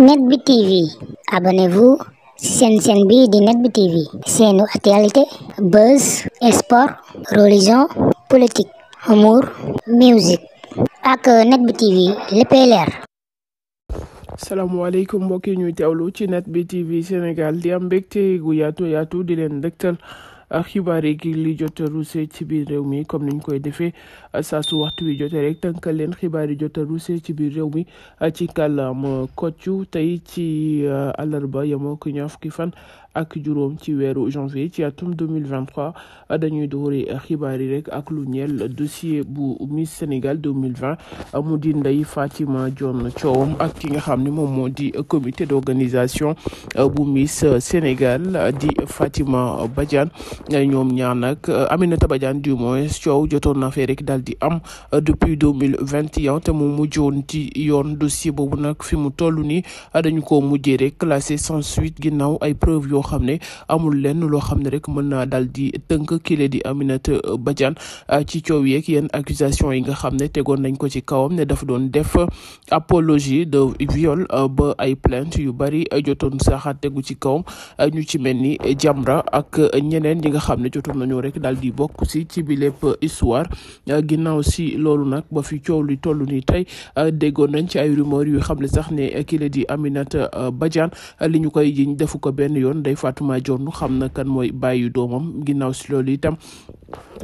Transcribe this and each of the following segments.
net bi tv abonnez-vous seen seen bi di net bi tv seenu actualité buzz sport religion politique humour musique ak net bi tv léppay leer salaamaaleykum mbokk yi ñuy teewlu ci net bi tv sénégal di am mbégte gu yaatu yaatu di leen dëgtal xibaar yi gi li jot a ci biir réew mi comme niñ koy defee saa su waxtu wi jotee rek tënkal leen xibaar yi jot a ci biir réew mi ci kàllaama koccu tey ci euh, àllarba yemoo ko ñaar fukki fan ak juróom ci weeru janvier ci atum 2023 dañuy doori xibaar yi rek ak lu ñel dossier bu Miss Sénégal 2020 mu di Ndeye Fatima Dione coowam ak ki nga xam ne moom moo di comité d'organisation euh, bu Miss Sénégal di Fatima Badiane Eh, ñoom ñaar nag eh, Aminata Badiane du moins coow jotoon na fee rek daal di am eh, depuis deux mille vingt et un te mu mujjoon ci yoon dossier boobu nag fi mu toll nii dañu ko mujjee rek classé sans suite ginnaaw ay preuve yoo xam ne amul lenn loo xam ne rek mën naa daal di tënk kile di Aminata Badiane ci coow yeeg yenn accusation yi nga xam ne tegoon nañ ko ci kawam ne dafa doon def apologie de viol ba ay plainte yu bari jotoon saxaat tegu ci kawam ñu ci mel ni Jamra ak ñeneen. ñi nga xam ne jotoon nañoo rek daal di bokk si ci bi lépp histoire euh, ginnaaw si loolu nag ba fi coow li toll nii tey euh, déggoon nañ ci ay rumeur yu xam ne sax ne kile la di Aminata euh, Badiane li ñu koy jiñ defu ko benn yoon day Fatouma Dione xam na kan mooy bàyyi doomam ginnaaw si loolu itam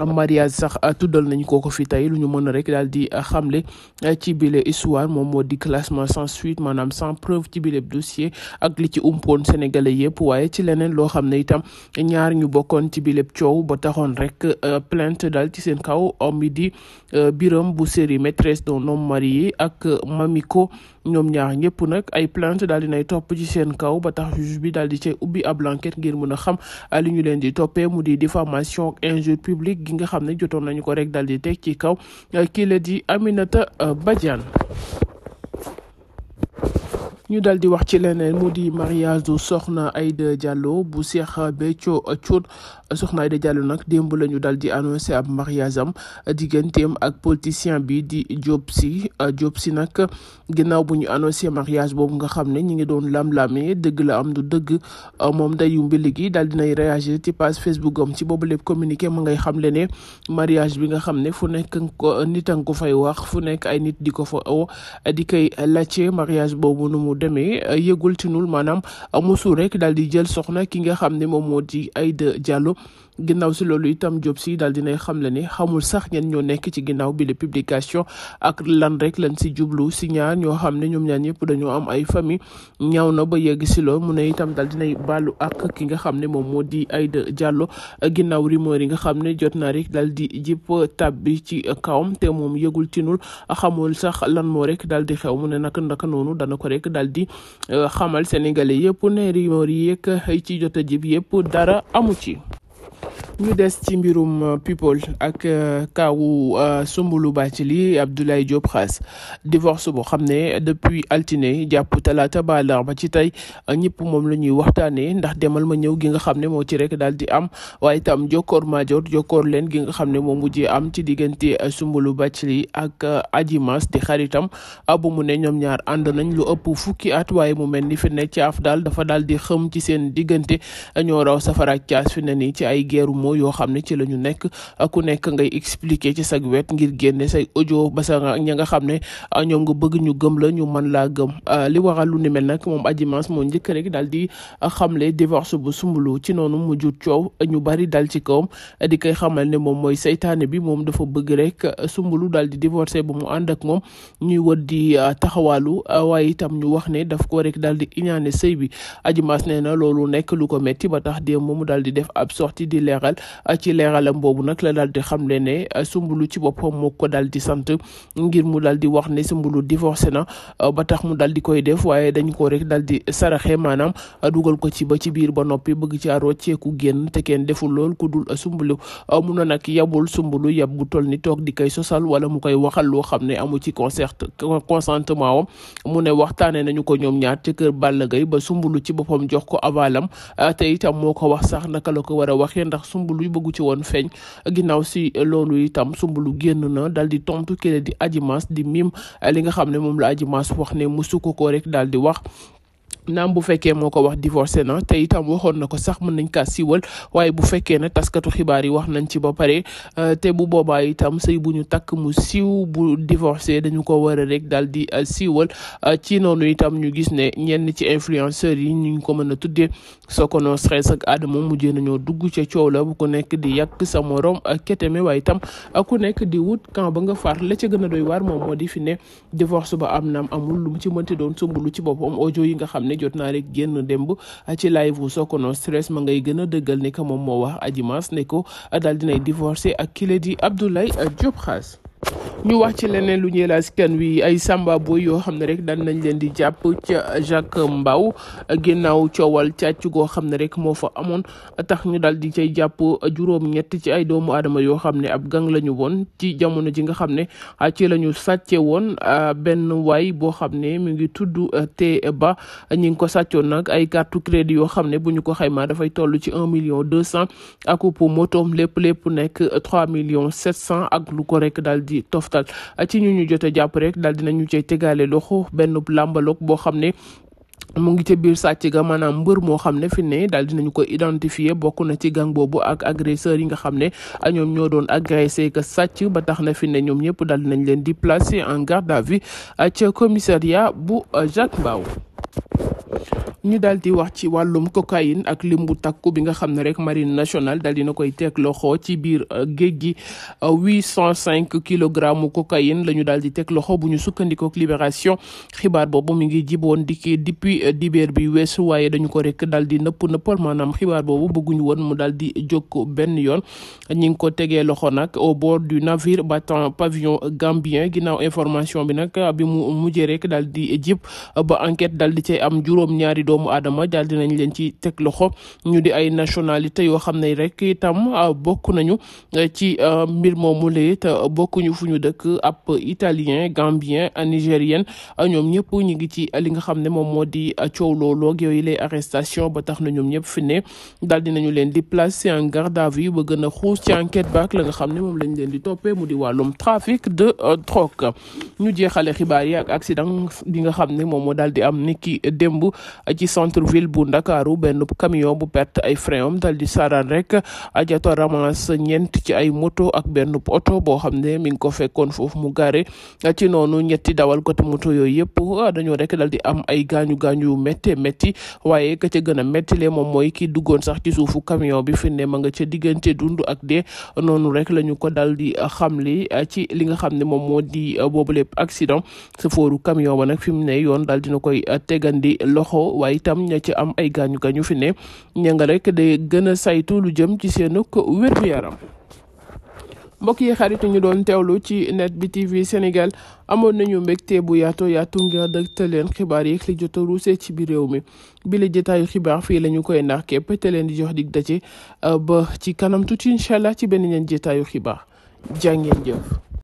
mariage sax a ah, tuddal nañ ko ko fi tey lu ñu mën rek daal di ah, xamle ah, ci bile histoire moom moo di classement sans suite maanaam sans preuve ci bile dossier ak li ci umpoon sénégalais yëpp waaye ci leneen loo xam ne itam ñaar ñu bokkoon ci bile coow ba taxoon rek plainte daal ci seen kaw mi di biram bu série maîtresse d'un homme marié ak mamiko ñoom ñaar ñëpp nag ay plainte daal di nay topp ci seen kaw ba tax juge bi daal di cay ubbi ab enquête ngir mën a xam ah, li ñu leen di toppee mu di diffamation ak injure publique gi nga xam ne jotoon nañu ko rek daal teg ci kaw ah, kii la di Aminata ah, Badiane. ñu dal di wax ci leneen mu di mariage du soxna Aïda Diallo bu Cheikh Béthio Thioune soxna Aïda Diallo nag démb la ñu dal di annoncé ab mariage am digganteem ak politicien bi di Diop Sy Diop Sy nag ginnaaw bu ñu annoncé mariage boobu nga xam ne ñi ngi doon lam-lamee dëgg la am du dëgg moom dayu mbili gi daal dinay réagir ci page Facebook am ci boobu lépp communiqué mu ngay xamle ne mariage bi nga xam ne fu nekk nit a nga ko fay wax fu nekk ay nit di ko fa o di koy laajte mariage boobu nu mu demee yëgul tinul maanaam mosul rek daal di jël soxna ki nga xam ne moom moo di ay Aïda Diallo ginnaaw si loolu itam Diop si daal dinay xamle ni xamul sax ñen ñoo nekk ci ginnaaw bi la publication ak lan rek lañ si jublu si ñaar ñoo xam ne ñoom ñaan ñëpp dañoo am ay famille ñaaw na ba yegg si loolu mu ne itam daal dinay baalu ak ki nga xam ne moom moo di ay Aïda Diallo ginnaaw rumeur yi nga xam ne jot na rek daal di jip tab bi ci kawam te moom yëgul tinul xamul sax lan moo rek daal di xew mu ne naka naka noonu dana ko rek daal di eh, xamal sénégalais yëpp ne rumeur yi yëg ci jot a jib yëpp dara amu ci ñu des ci mbirum euh, people ak euh, kaawu euh, Soumboulou Bathily Abdoulaye Diop Khass divorce boo xam ne depuis altine jàpp talaata ba àllarba ci tey ñëpp moom la ñuy waxtaanee ndax demal ma ñëw gi nga xam ne moo ci rek daal di am waaye itam jokkoor maajoor jokkoor leen gi nga xam ne moo mujjee am ci diggante Soumboulou Bathily ak Adji Mass di xaritam abu ah, mu ne ñoom ñaar ànd nañ lu ëpp fukki at waaye mu mel ni fi ne caaf daal dafa daal di xëm ci seen diggante ñoo raw safara ak ne nii ci ay geeru jamono yoo xam ne ci la ñu nekk ku nekk ngay expliquer ci sag wet ngir génne say audio ba a ña nga xam ne ah, ñoom nga bëgg ñu gëm la ñu mën laa gëm ah, li waral lu ni mel nag moom Adji Mass moo njëkk rek daal di ah, xamle divorce bu ci noonu mu jur ñu bari dal ci kawam di koy xamal ne moom mooy seytaane bi moom dafa bëgg rek sumbulu daal di divorcé bu mu ànd ak moom ñuy di taxawaalu waaye itam ne daf ko rek daal di na loolu nekk lu ko metti ba tax démb di def ab di leeral ci leeralam boobu nag la daal di le ne sumbulu ci boppam moo ko daal di sant ngir mu daal di wax ne sumbulu divorcé na ba tax mu daal di koy def waaye dañ ko rek daal di saraxe maanaam dugal ko ci ba ci biir ba noppi bëgg ci aroo ceeku génn te kenn deful lool ku dul Soumboulou mu ne nag yabul sumbulu yab gu toll ni toog di koy sosal wala mu koy waxal loo xam ne amu ci concert consentement wam mu ne waxtaanee nañu ko ñoom ñaar ci kër Balla ba Soumboulou ci boppam jox ko avalam Soumboulou bëggu ci woon feeñ ginnaaw si loolu itam Soumboulou génn na dal di tontu kële di Adji di mim li nga xam ne moom la Adji Mass wax ne musu ko ko rek daal di wax naam bu fekkee moo ko wax divorcé na te itam waxoon na ko sax mën nañ kaa siiwal waaye bu fekkee ne taskatu xibaar yi wax nañ ci ba pare euh, te bu boobaa itam sëy bu ñu takk mu siiw bu divorcé dañu ko war a daal di euh, siiwal euh, ci noonu itam ñu gis ne ñenn ci influenceurs yi ñu ko mën a tuddee soo ko Sokono stress ak Adamo mujjee nañoo dugg ca coow la bu ko nekk di yàq sa morom ak keteme waaye itam ku nekk di wut camp ba nga far la ca gën a doy war moom moo di fi ne divorce ba am naam amul lu ci mënti doon sumb lu ci boppam yi nga xam ne jot naa rek génn démb ci live wu Sokono stress ma ngay gën a dëggal ne que moom moo wax Adji Mass ne ko daal dinay divorcé ak kile di Abdoulaye Diop Khass ñu wax ci leneen lu ñeel askan wi ay samba boy yoo xam ne rek daan nañ leen di jàpp ca Jacques Mbaw ginnaaw coowal càcc goo xam ne rek moo fa amoon tax ñu daal di cay jàpp juróom-ñett ci ay doomu adama yoo xam ne ab gang lañu woon ci jamono ji nga xam ne ah, ci la ñu sàcce woon ah, benn waay boo xam ne mu ngi tudd ah, te ba ñi ngi ko sàccoon nag ay carte crédit yoo xam ne bu ñu ko xayma dafay toll ci un million deux cent akup motoom lépp lépp nekk trois millions sept cent ak lu ko rek daal di a ci ñu ñu jote jàpp rek daal dinañu cay tegaale loxo benn làmbaloog boo xam ne mu ngi ca biir sàcc ga maanaam mbër moo xam ne fi ne daal dinañu ko identifier bokk na ci gang boobu ak agresseurs yi nga xam ne ñoom ñoo doon agressé ka sàcc ba tax na fi ne ñoom ñëpp daal dinañ leen di placer en garde à vue ca commissariat bu Jacques Mbao ñu daal di wax ci wàllum cocaïne ak lim bu takku bi nga xam ne rek marine nationale daal dina koy teg loxo ci biir euh, géej gi euh, huit cent cinq kilogramme cocaïne la ñu daal di teg loxo bu ñu sukkandikook libération xibaar boobu mu ngi jiboon dikki depuis euh, dibeer bi weesu waaye dañu ko rekk daal di nëpp nëppal maanaam xibaar boobu bëgguñu woon mu daal di jóg benn yoon ñi ngi ko tegee loxo nag au bord du navire battant pavillon gambien ginnaaw information bi nag bi mu mujjee rekk daal di jib ba daal di cay am juróom-ñaari doomu aadama daal nañu leen ci teg loxo ñu di ay nationalité yoo xam ne rek itam ah, bokk nañu eh, ci ah, mbir moomu la it ah, bokkuñu fu ñu dëkk ab italien gambien nigérien ñoom ñëpp ñu ngi ci li nga xam ne moom moo di coow looloo ak yooyu lay arrestation ba tax na ñoom ñëpp fi ne daal di nañu leen di place en garde à vue ba gën a xuus ci enquête baak la nga xam ne moom lañ leen di toppee mu di wàllum trafic de euh, drogue ñu jeexale xibaar yi ak accident bi nga xam niki démb ci centre ville bu ndakaaru benn camion bu perte ay frein am dal di saran rek ajato ramas ñeent ci ay moto ak benn oto boo xam ne mi ngi ko fekkoon foofu mu gaare ci noonu ñetti dawal côté moto yooyu yëpp dañoo rek dal di am ay gaañu gaañu yu métti métti waaye ka ca gën a métti le moom mooy ki duggoon sax ci suufu camion bi fi ne ma nga ca diggante dund ak dee noonu rek lañu ko dal di xam xamli ci li nga xam ne moom moo di boobu lépp accident sëfooru camion ba nag fi mu ne yoon dal dina koy tegandi loxo waaye itam ña ci am ay gaañu gaañu fi ne ña nga rek day gën a saytu lu jëm ci seenuk wér-gu-yaram mbokk yi xarit ñu doon teewlu ci net bi TV Sénégal amoon nañu mbégte bu yaato yaatu ngir dëgtal leen xibaar yi li jot a ruuse ci biir réew mi bi la xibaa xibaar fii la koy ndax képp te leen di jox digg dig ci ba ci kanam tuuti incha allah ci benn ñeen jotaayu xibaar jàngeen jëf.